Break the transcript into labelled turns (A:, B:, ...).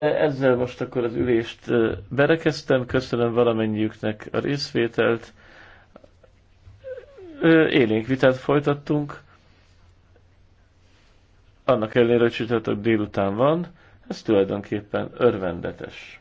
A: E, ezzel most akkor az ülést e, berekeztem, köszönöm valamennyiüknek a részvételt. E, élénk vitát folytattunk, annak ellenére, hogy csütörtök délután van, ez tulajdonképpen örvendetes.